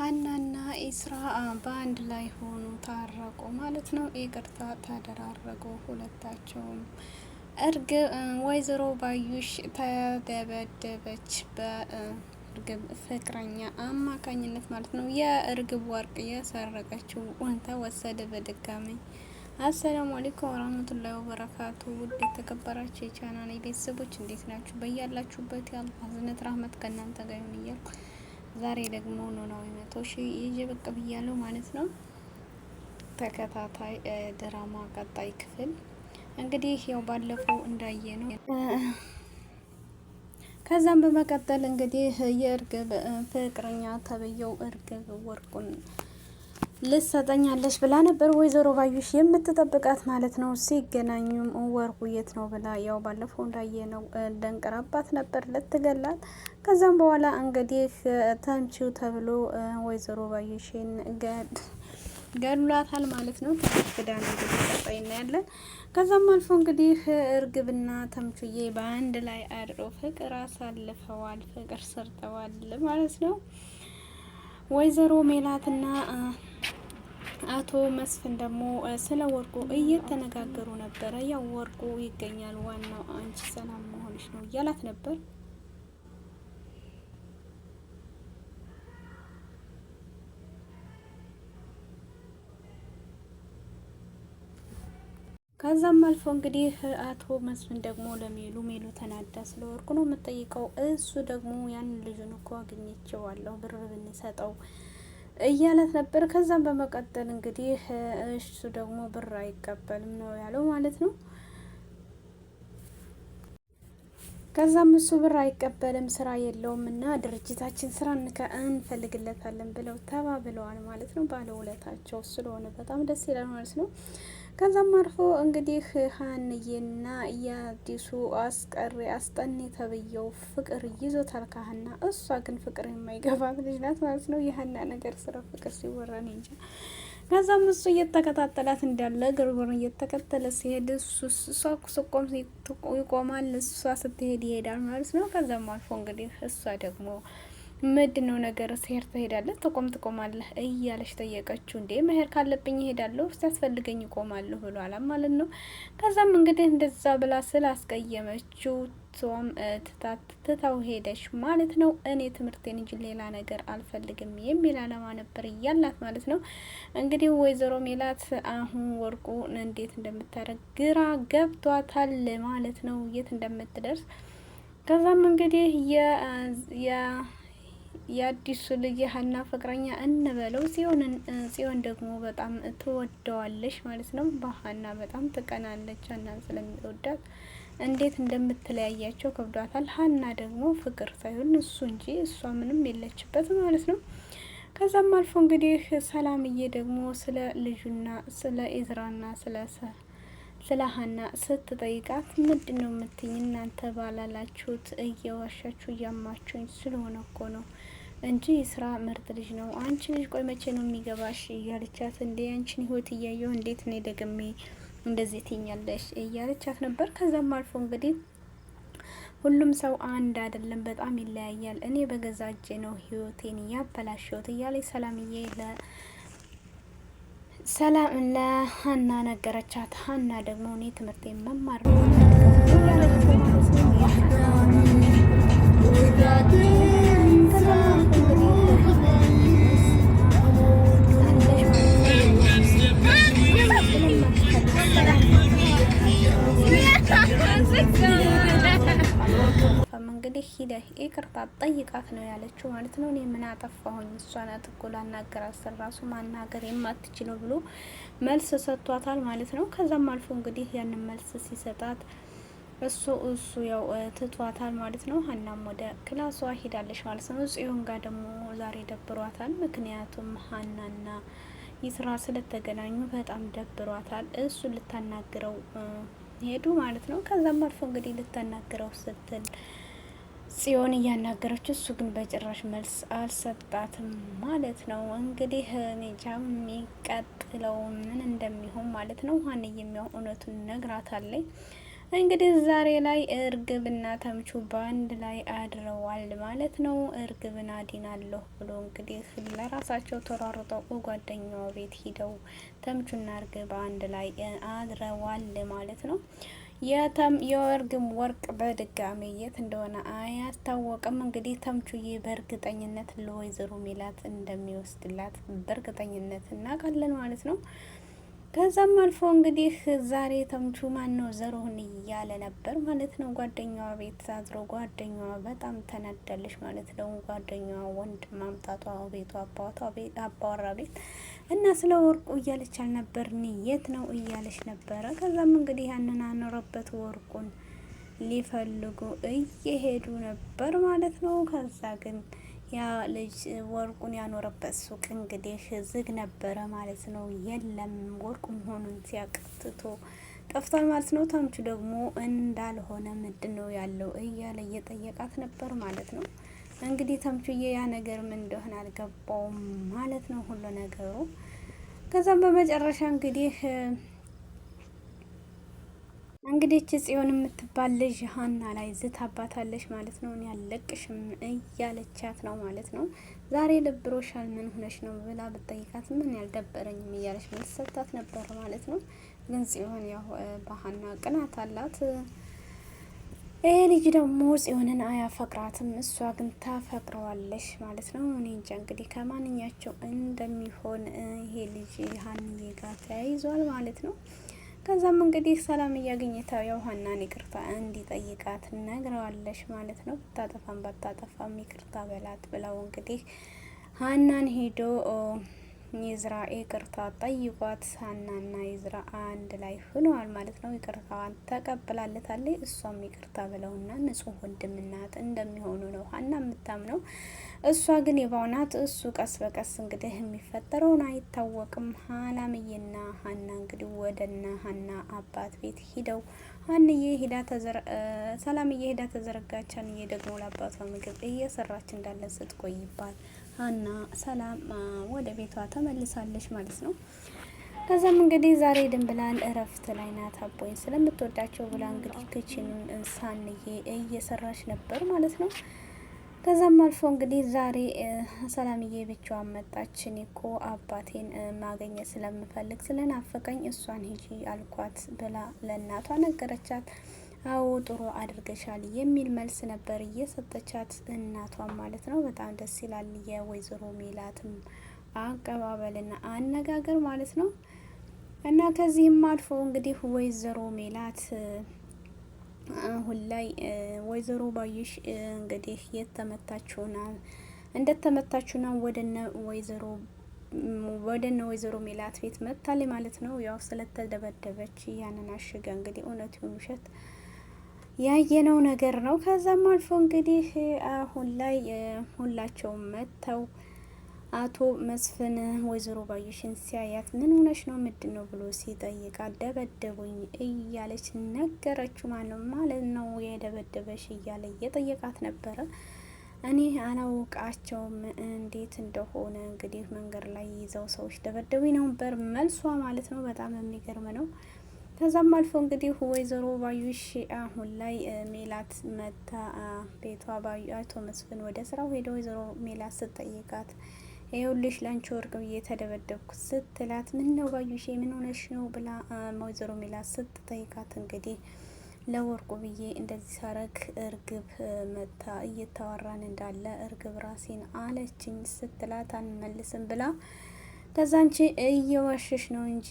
ሀናና ኢስራ በአንድ ላይ ሆኑ ታረቁ ማለት ነው። ይቅርታ ተደራረጉ ሁለታቸውም። እርግ ወይዘሮ ባዩሽ ተደበደበች በእርግብ ፍቅረኛ አማካኝነት ማለት ነው። የእርግብ ወርቅ የሰረቀችው ወንተ ወሰደ በድጋሚ። አሰላሙ አለይኩም ወራህመቱላሂ ወበረካቱ። ውድ የተከበራችሁ የቻናሌ ቤተሰቦች እንዴት ናችሁ? በያላችሁበት ያለ ህዝነት ራህመት ከእናንተ ጋር ይሁን እያልኩ ዛሬ ደግሞ ኖላዊ መቶ ሺህ ይዤ ብቅ ብያለሁ ማለት ነው። ተከታታይ ድራማ ቀጣይ ክፍል እንግዲህ ያው ባለፈው እንዳየ ነው። ከዛም በመቀጠል እንግዲህ የእርግብ ፍቅረኛ ተብየው እርግብ ወርቁን ልሰጠኛለች ብላ ነበር ወይዘሮ ባዩሽ የምትጠብቃት ማለት ነው። ሲገናኙም ወርቁ የት ነው ብላ ያው ባለፈው እንዳየ ነው ደንቅራባት ነበር ልትገላት። ከዛም በኋላ እንግዲህ ተምቺው ተብሎ ወይዘሮ ባዩሽን ገድ ገድሏታል ማለት ነው። ክዳን እንግዲህ ቀጣይ እናያለን። ከዛም አልፎ እንግዲህ እርግብና ተምቹዬ በአንድ ላይ አድረው ፍቅር አሳልፈዋል፣ ፍቅር ሰርተዋል ማለት ነው። ወይዘሮ ሜላትና አቶ መስፍን ደግሞ ስለ ወርቁ እየተነጋገሩ ነበረ። ያው ወርቁ ይገኛል፣ ዋናው አንቺ ሰላም መሆንሽ ነው እያላት ነበር። ከዛም አልፎ እንግዲህ አቶ መስፍን ደግሞ ለሜሉ ሜሉ ተናዳ ስለ ወርቁ ነው የምጠይቀው። እሱ ደግሞ ያንን ልጁን እኮ አግኝቼዋለሁ ብር ብንሰጠው እያለት ነበር። ከዛም በመቀጠል እንግዲህ እሱ ደግሞ ብር አይቀበልም ነው ያለው ማለት ነው። ከዛም እሱ ብር አይቀበልም ስራ የለውም እና ድርጅታችን ስራ እንፈልግለታለን ብለው ተባብለዋል ማለት ነው። ባለውለታቸው ስለሆነ በጣም ደስ ይላል ማለት ነው። ከዛም አልፎ እንግዲህ ሀንዬና የአዲሱ አስቀሪ አስጠኒ ተብየው ፍቅር ይዞታል ካህና። እሷ ግን ፍቅር የማይገባት ልጅ ናት ማለት ነው። የሀና ነገር ስራ ፍቅር ሲወራን እንጂ ከዛም እሱ እየተከታተላት እንዳለ ግርግሩን እየተከተለ ሲሄድ እሷ ስቆም ይቆማል፣ እሷ ስትሄድ ይሄዳል ማለት ነው። ከዛም አልፎ እንግዲህ እሷ ደግሞ ምንድነው ነገር ሄር ትሄዳለህ ትቆም ትቆማለህ እያለች ጠየቀችው። እንዴ መሄር ካለብኝ ይሄዳለሁ ሲያስፈልገኝ ይቆማለሁ ብሏላ ማለት ነው። ከዛም እንግዲህ እንደዛ ብላ ስላስቀየመችው ም ትታው ሄደች ማለት ነው። እኔ ትምህርቴን እንጂ ሌላ ነገር አልፈልግም የሚል አላማ ነበር እያላት ማለት ነው። እንግዲህ ወይዘሮ ሜላት አሁን ወርቁ እንዴት እንደምታደርግ ግራ ገብቷታል ማለት ነው፣ የት እንደምትደርስ ከዛም እንግዲህ የአዲሱ ልጅ ሀና ፍቅረኛ እንበለው ጽዮንን ጽዮን ደግሞ በጣም ትወደዋለች ማለት ነው። በሀና በጣም ትቀናለች። ሀናን ስለሚወዳት እንዴት እንደምትለያያቸው ከብዷታል። ሀና ደግሞ ፍቅር ሳይሆን እሱ እንጂ እሷ ምንም የለችበት ማለት ነው። ከዛም አልፎ እንግዲህ ሰላምዬ ደግሞ ስለ ልጁና ስለ ኢዝራና ስለ ስለ ሀና ስትጠይቃት ምንድን ነው የምትይኝ? እናንተ ባላላችሁት እየዋሻችሁ እያማችሁኝ ስለሆነ እኮ ነው እንጂ የስራ ምርጥ ልጅ ነው። አንቺ ልጅ ቆይ መቼ ነው የሚገባሽ እያለቻት እንደ አንቺን ህይወት እያየው እንዴት ነው ደግሜ እንደዚህ ትኛለሽ እያለቻት ነበር። ከዛም አልፎ እንግዲህ ሁሉም ሰው አንድ አይደለም፣ በጣም ይለያያል። እኔ በገዛ እጄ ነው ህይወቴን እያበላሸሁት እያለ ሰላምዬ ለ ሰላም ለሀና ነገረቻት። ሀና ደግሞ እኔ ትምህርት መማር ነው እንግዲህ ሂደህ ይቅርታ ጠይቃት ነው ያለችው ማለት ነው። እኔ ምን አጠፋሁኝ? እሷን አጥጎ ላናገራት ስል ራሱ ማናገር የማትችለው ብሎ መልስ ሰጥቷታል ማለት ነው። ከዛም አልፎ እንግዲህ ያንን መልስ ሲሰጣት እሱ እሱ ያው ትቷታል ማለት ነው። ሀናም ወደ ክላሷ ሄዳለች ማለት ነው። ጽዮን ጋር ደግሞ ዛሬ ደብሯታል። ምክንያቱም ሀናና ይስራ ስለተገናኙ በጣም ደብሯታል። እሱ ልታናግረው ሄዱ ማለት ነው። ከዛም አልፎ እንግዲህ ልታናግረው ስትል ጽዮን እያናገረች እሱ ግን በጭራሽ መልስ አልሰጣትም ማለት ነው። እንግዲህ ኔጃ የሚቀጥለው ምን እንደሚሆን ማለት ነው። ሀንዬም የሚያው እውነቱን ነግራታለኝ። እንግዲህ ዛሬ ላይ እርግብና ተምቹ በአንድ ላይ አድረዋል ማለት ነው። እርግብን አዲናለሁ ብሎ እንግዲህ ለራሳቸው ተሯሩጠው ጓደኛው ቤት ሂደው ተምቹና እርግብ አንድ ላይ አድረዋል ማለት ነው። የተም የእርግብ ወርቅ በድጋሚ የት እንደሆነ አያስታወቅም። እንግዲህ ተምቹዬ በእርግጠኝነት ለወይዘሮ ሜላት እንደሚወስድላት በእርግጠኝነት እናውቃለን ማለት ነው። ከዛም አልፎ እንግዲህ ዛሬ ተምቹ ማን ነው ዘሩን እያለ ነበር ማለት ነው። ጓደኛዋ ቤት አድሮ ጓደኛዋ በጣም ተናዳለች ማለት ነው። ጓደኛዋ ወንድ ማምጣቷ ቤቷ አባቷ አባወራ ቤት እና ስለ ወርቁ እያለች አልነበር የት ነው እያለች ነበረ። ከዛም እንግዲህ ያንን አኖረበት ወርቁን ሊፈልጉ እየሄዱ ነበር ማለት ነው። ከዛ ግን ያ ልጅ ወርቁን ያኖረበት ሱቅ እንግዲህ ዝግ ነበረ ማለት ነው። የለም ወርቁ መሆኑን ሲያቅትቶ ጠፍቷል ማለት ነው። ተምቹ ደግሞ እንዳልሆነ ምንድን ነው ያለው እያለ እየጠየቃት ነበር ማለት ነው። እንግዲህ ተምቹዬ ያ ነገር ምን እንደሆነ አልገባውም ማለት ነው ሁሉ ነገሩ። ከዛም በመጨረሻ እንግዲህ እንግዲህ እቺ ጽዮን የምትባል ልጅ ሀና ላይ ዝታባታለች ማለት ነው። እኔ አለቅሽም እያለቻት ነው ማለት ነው። ዛሬ ደብሮሻል ምን ሆነሽ ነው ብላ ብጠይቃት ምን ያልደበረኝም እያለች ምትሰጣት ነበር ማለት ነው። ግን ጽዮን ያው በሀና ቅናት አላት። ይህ ልጅ ደግሞ ጽዮንን አያፈቅራትም፣ እሷ ግን ታፈቅረዋለሽ ማለት ነው። እኔ እንጃ እንግዲህ ከማንኛቸው እንደሚሆን ይሄ ልጅ ሀንዬ ጋር ተያይዟል ማለት ነው። ከዛም እንግዲህ ሰላም እያገኘታ ያው ይቅርታ እንዲጠይቃት ነግረዋለች ማለት ነው። ብታጠፋም ባታጠፋም ይቅርታ በላት ብለው እንግዲህ ሀናን ሄዶ ይዝራ ይቅርታ ጠይቋት ሀናና ይዝራ አንድ ላይ ሆነዋል ማለት ነው። ይቅርታዋን ተቀብላለታለች። እሷም ይቅርታ ብለውና ንጹህ ወንድምናት እንደሚሆኑ ነው ሀና የምታምነው። እሷ ግን የባውናት እሱ ቀስ በቀስ እንግዲህ የሚፈጠረውን አይታወቅም። ሀላምዬና ሀና እንግዲህ ወደና ሀና አባት ቤት ሂደው ሀንዬ ሂዳ ሰላምዬ ሂዳ ተዘረጋቻን እየ ደግሞ ለአባቷ ምግብ እየሰራች እንዳለ ስትቆይባል ሀና ሰላም ወደ ቤቷ ተመልሳለች ማለት ነው። ከዛም እንግዲህ ዛሬ ብላል እረፍት ላይ ናት። አቦይን ስለምትወዳቸው ብላ እንግዲህ ክችን ሳንዬ እየሰራች ነበር ማለት ነው። ከዛም አልፎ እንግዲህ ዛሬ ሰላምዬ ብቻዋን መጣች። እኔ እኮ አባቴን ማገኘት ስለምፈልግ ስለናፈቀኝ እሷን ሂጂ አልኳት ብላ ለእናቷ ነገረቻት። አዎ ጥሩ አድርገሻል የሚል መልስ ነበር እየሰጠቻት እናቷን ማለት ነው። በጣም ደስ ይላል የወይዘሮ ሜላትም አቀባበልና አነጋገር ማለት ነው። እና ከዚህም አልፎ እንግዲህ ወይዘሮ ሜላት አሁን ላይ ወይዘሮ ባዩሽ እንግዲህ የተመታችሁና እንደተመታችሁና ወደነ ወይዘሮ ወደነ ወይዘሮ ሜላት ቤት መታለች ማለት ነው። ያው ስለተደበደበች ያንን አሽገ እንግዲህ እውነት ይሁን ውሸት ያየነው ነገር ነው። ከዛም አልፎ እንግዲህ አሁን ላይ ሁላቸውም መጥተው አቶ መስፍን ወይዘሮ ባዩሽን ሲያያት ምን ሆነሽ ነው ምንድን ነው ብሎ ሲጠይቃት ደበደቡኝ እያለች ነገረችው። ነው ማለት ነው የደበደበሽ እያለ እየጠየቃት ነበረ። እኔ አላውቃቸውም እንዴት እንደሆነ እንግዲህ መንገድ ላይ ይዘው ሰዎች ደበደቡኝ ነው ነበር መልሷ ማለት ነው። በጣም የሚገርም ነው። ከዛም አልፎ እንግዲህ ወይዘሮ ባዩሽ አሁን ላይ ሜላት መታ ቤቷ አቶ መስፍን ወደ ስራው ሄደ። ወይዘሮ ሜላት ስትጠይቃት ይኸውልሽ ላንቺ ወርቅ ብዬ ተደበደብኩ ስትላት ምን ነው ባዩሽ ምን ሆነሽ ነው ብላ ወይዘሮ ሜላት ስትጠይቃት እንግዲህ ለወርቁ ብዬ እንደዚህ ሳረግ እርግብ መታ እየተዋራን እንዳለ እርግብ ራሴን አለችኝ ስትላት አንመልስም ብላ ከዛ አንቺ እየዋሸሽ ነው እንጂ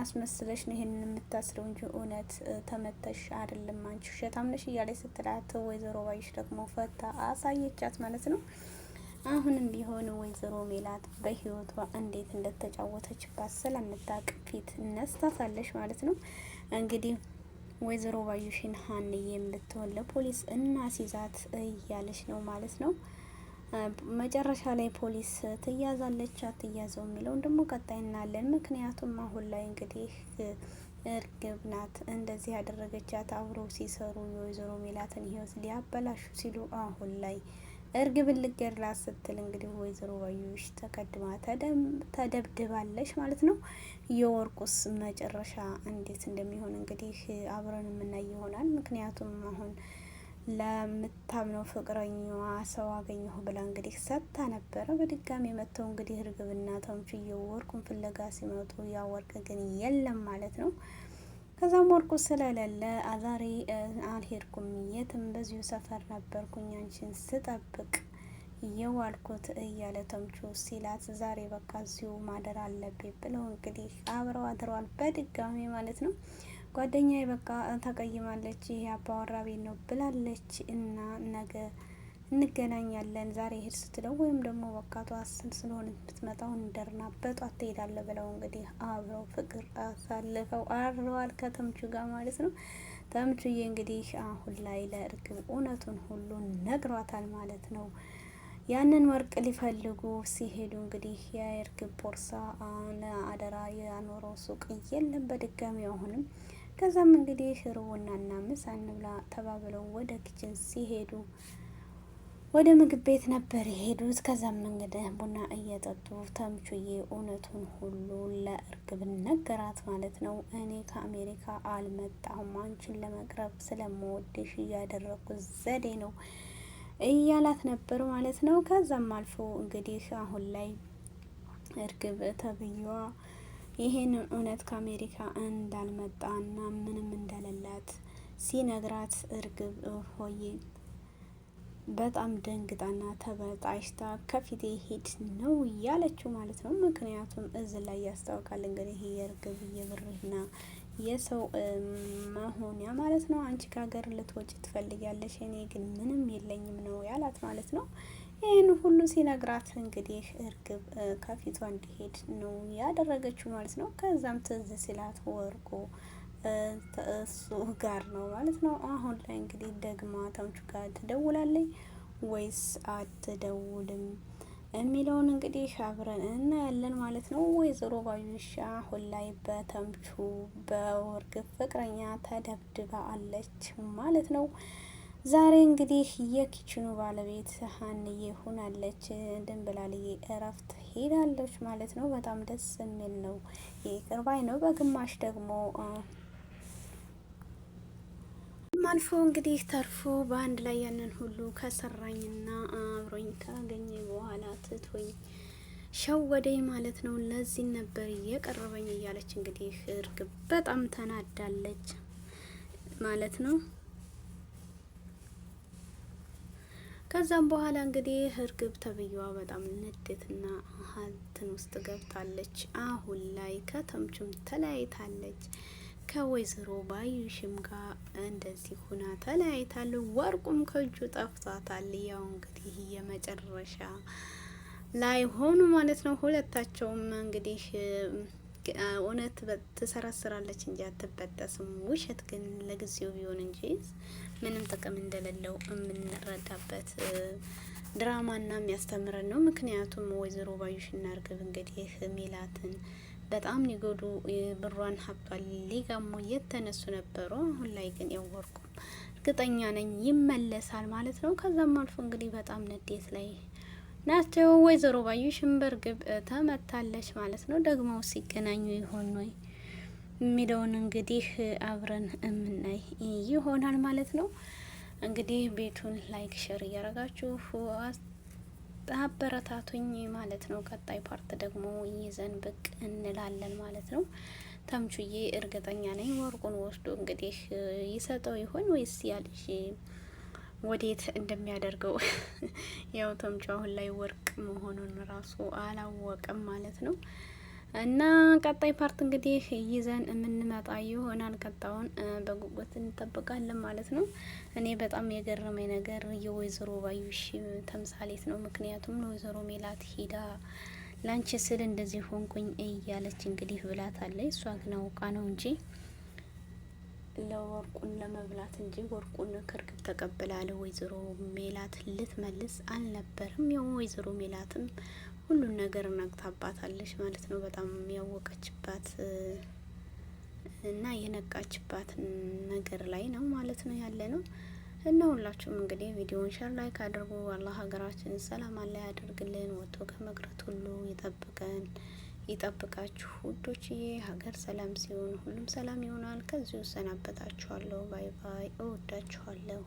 አስመስለሽ ነው ይሄንን የምታስረው እንጂ እውነት ተመተሽ አይደለም አንቺ ውሸታም ነሽ እያለች ስትላት ወይዘሮ ባይሽ ደግሞ ፈታ አሳየቻት ማለት ነው። አሁንም ቢሆን ወይዘሮ ሜላት በህይወቷ እንዴት እንደተጫወተችባት ስለምታቅ ፊት እነስታታለሽ ማለት ነው። እንግዲህ ወይዘሮ ባዩሽን ሀን የምትሆን ለፖሊስ እናሲዛት እያለች ነው ማለት ነው። መጨረሻ ላይ ፖሊስ ትያዛለች አትያዘው የሚለውን ደግሞ ቀጣይ እናያለን። ምክንያቱም አሁን ላይ እንግዲህ እርግብ ናት እንደዚህ ያደረገቻት አብረው ሲሰሩ የወይዘሮ ሜላትን ህይወት ሊያበላሹ ሲሉ አሁን ላይ እርግብ ልገድላ ስትል እንግዲህ ወይዘሮ ባዩሽ ተቀድማ ተደብድባለች ማለት ነው። የወርቁስ መጨረሻ እንዴት እንደሚሆን እንግዲህ አብረን የምናይ ይሆናል። ምክንያቱም አሁን ለምታምነው ፍቅረኛዋ ሰው አገኘሁ ብላ እንግዲህ ሰጥታ ነበረ። በድጋሚ መጥተው እንግዲህ እርግብና ተምቹዬ ወርቁን ፍለጋ ሲመጡ ያ ወርቅ ግን የለም ማለት ነው። ከዛም ወርቁ ስለሌለ ዛሬ አልሄድኩም፣ የትም በዚሁ ሰፈር ነበርኩኝ አንቺን ስጠብቅ የዋልኩት እያለ ተምቹ ሲላት፣ ዛሬ በቃ እዚሁ ማደር አለብኝ ብለው እንግዲህ አብረው አድረዋል በድጋሚ ማለት ነው። ጓደኛዬ በቃ ተቀይማለች፣ ይሄ አባወራ ቤት ነው ብላለች እና ነገ እንገናኛለን ዛሬ ሄድ ስትለው ወይም ደግሞ በቃ ጠዋት ስለሆነ ብትመጣው እንደርና በጧት ትሄዳለ ብለው እንግዲህ አብረው ፍቅር አሳልፈው አድረዋል ከተምቹ ጋር ማለት ነው። ተምቹዬ እንግዲህ አሁን ላይ ለእርግብ እውነቱን ሁሉ ነግሯታል ማለት ነው። ያንን ወርቅ ሊፈልጉ ሲሄዱ እንግዲህ የእርግብ ቦርሳ አደራ የኖረው ሱቅ የለም በድጋሚ አሁንም ከዛም እንግዲህ ርቡናና ምሳ እንብላ ተባብለው ወደ ኪችን ሲሄዱ ወደ ምግብ ቤት ነበር የሄዱት። ከዛም እንግዲህ ቡና እየጠጡ ተምቹዬ እውነቱን ሁሉ ለእርግብ ነገራት ማለት ነው። እኔ ከአሜሪካ አልመጣሁም አንቺን ለመቅረብ ስለምወድሽ እያደረግኩት ዘዴ ነው እያላት ነበር ማለት ነው። ከዛም አልፎ እንግዲህ አሁን ላይ እርግብ ተብዬዋ ይሄንን እውነት ከአሜሪካ እንዳልመጣ እና ምንም እንደሌላት ሲነግራት እርግብ ሆዬ በጣም ደንግጣና ተበጣሽታ ከፊቴ ሄድ ነው እያለችው ማለት ነው። ምክንያቱም እዚ ላይ ያስታውቃል እንግዲህ ይሄ የእርግብ የብርና የሰው መሆኒያ ማለት ነው። አንቺ ከሀገር ልትወጪ ትፈልጊያለሽ፣ እኔ ግን ምንም የለኝም ነው ያላት ማለት ነው። ይህን ሁሉ ሲነግራት እንግዲህ እርግብ ከፊቷ እንዲሄድ ነው ያደረገችው ማለት ነው። ከዛም ትዝ ሲላት ወርቆ እሱ ጋር ነው ማለት ነው። አሁን ላይ እንግዲህ ደግማ ተምቹ ጋር ትደውላለች ወይስ አትደውልም የሚለውን እንግዲህ አብረን እናያለን ማለት ነው። ወይዘሮ ባዩሽ አሁን ላይ በተምቹ በወርቅ ፍቅረኛ ተደብድባ አለች ማለት ነው። ዛሬ እንግዲህ የኪችኑ ባለቤት ሀንዬ ሆናለች። ድንብላልዬ እረፍት ሄዳለች ማለት ነው። በጣም ደስ የሚል ነው። ይቅር ነው። በግማሽ ደግሞ አልፎ እንግዲህ ተርፎ በአንድ ላይ ያንን ሁሉ ከሰራኝና አብሮኝ ካገኘ በኋላ ትቶኝ ሸወደኝ ማለት ነው። ለዚህ ነበር የቀረበኝ እያለች እንግዲህ እርግ በጣም ተናዳለች ማለት ነው። ከዛም በኋላ እንግዲህ እርግብ ተብዬዋ በጣም ንዴትና ሀልትን ውስጥ ገብታለች። አሁን ላይ ከተምቹም ተለያይታለች። ከወይዘሮ ባዩሽም ጋር እንደዚህ ሁና ተለያይታለ። ወርቁም ከእጁ ጠፍቷታል። ያው እንግዲህ የመጨረሻ ላይ ሆኑ ማለት ነው። ሁለታቸውም እንግዲህ እውነት ትሰራስራለች እንጂ አትበጠስም። ውሸት ግን ለጊዜው ቢሆን እንጂ ምንም ጥቅም እንደሌለው የምንረዳበት ድራማና የሚያስተምረን ነው። ምክንያቱም ወይዘሮ ባዩሽና እርግብ እንግዲህ ሜላትን በጣም ሊጎዱ ብሯን ሀብቷል ሊጋሙ የተነሱ ነበሩ። አሁን ላይ ግን ያወርቁ እርግጠኛ ነኝ ይመለሳል ማለት ነው። ከዛም አልፎ እንግዲህ በጣም ንዴት ላይ ናቸው። ወይዘሮ ባዩሽም በእርግብ ተመታለች ማለት ነው። ደግሞ ሲገናኙ ይሆን ወይ የሚለውን እንግዲህ አብረን የምናይ ይሆናል ማለት ነው። እንግዲህ ቤቱን ላይክ፣ ሸር እያረጋችሁ አበረታቱኝ ማለት ነው። ቀጣይ ፓርት ደግሞ ይዘን ብቅ እንላለን ማለት ነው። ተምቹዬ እርግጠኛ ነኝ ወርቁን ወስዶ እንግዲህ ይሰጠው ይሆን ወይስ ያልሽ ወዴት እንደሚያደርገው ያው ተምቹ አሁን ላይ ወርቅ መሆኑን ራሱ አላወቀም ማለት ነው። እና ቀጣይ ፓርት እንግዲህ ይዘን የምንመጣ ይሆናል። ቀጣውን በጉጉት እንጠብቃለን ማለት ነው። እኔ በጣም የገረመኝ ነገር የወይዘሮ ባዩሽ ተምሳሌት ነው። ምክንያቱም ለወይዘሮ ሜላት ሂዳ ላንቺ ስል እንደዚህ ሆንኩኝ እያለች እንግዲህ ብላታለች። እሷ ግን አውቃ ነው እንጂ ለወርቁን ለመብላት እንጂ ወርቁን ክርክብ ተቀብላ ወይዘሮ ሜላት ልትመልስ አልነበርም። ያው ወይዘሮ ሜላትም ሁሉን ነገር እናግታባታለች ማለት ነው። በጣም ያወቀችባት እና የነቃችባት ነገር ላይ ነው ማለት ነው ያለ ነው። እና ሁላችሁም እንግዲህ ቪዲዮውን ሸር ላይክ አድርጉ። አላህ ሀገራችን ሰላም አላ ያደርግልን፣ ወጥቶ ከመቅረት ሁሉ ይጠብቀን። ይጠብቃችሁ ውዶችዬ። ሀገር ሰላም ሲሆን ሁሉም ሰላም ይሆናል። ከዚሁ ሰናበታችኋለሁ። ባይ ባይ። እወዳችኋለሁ።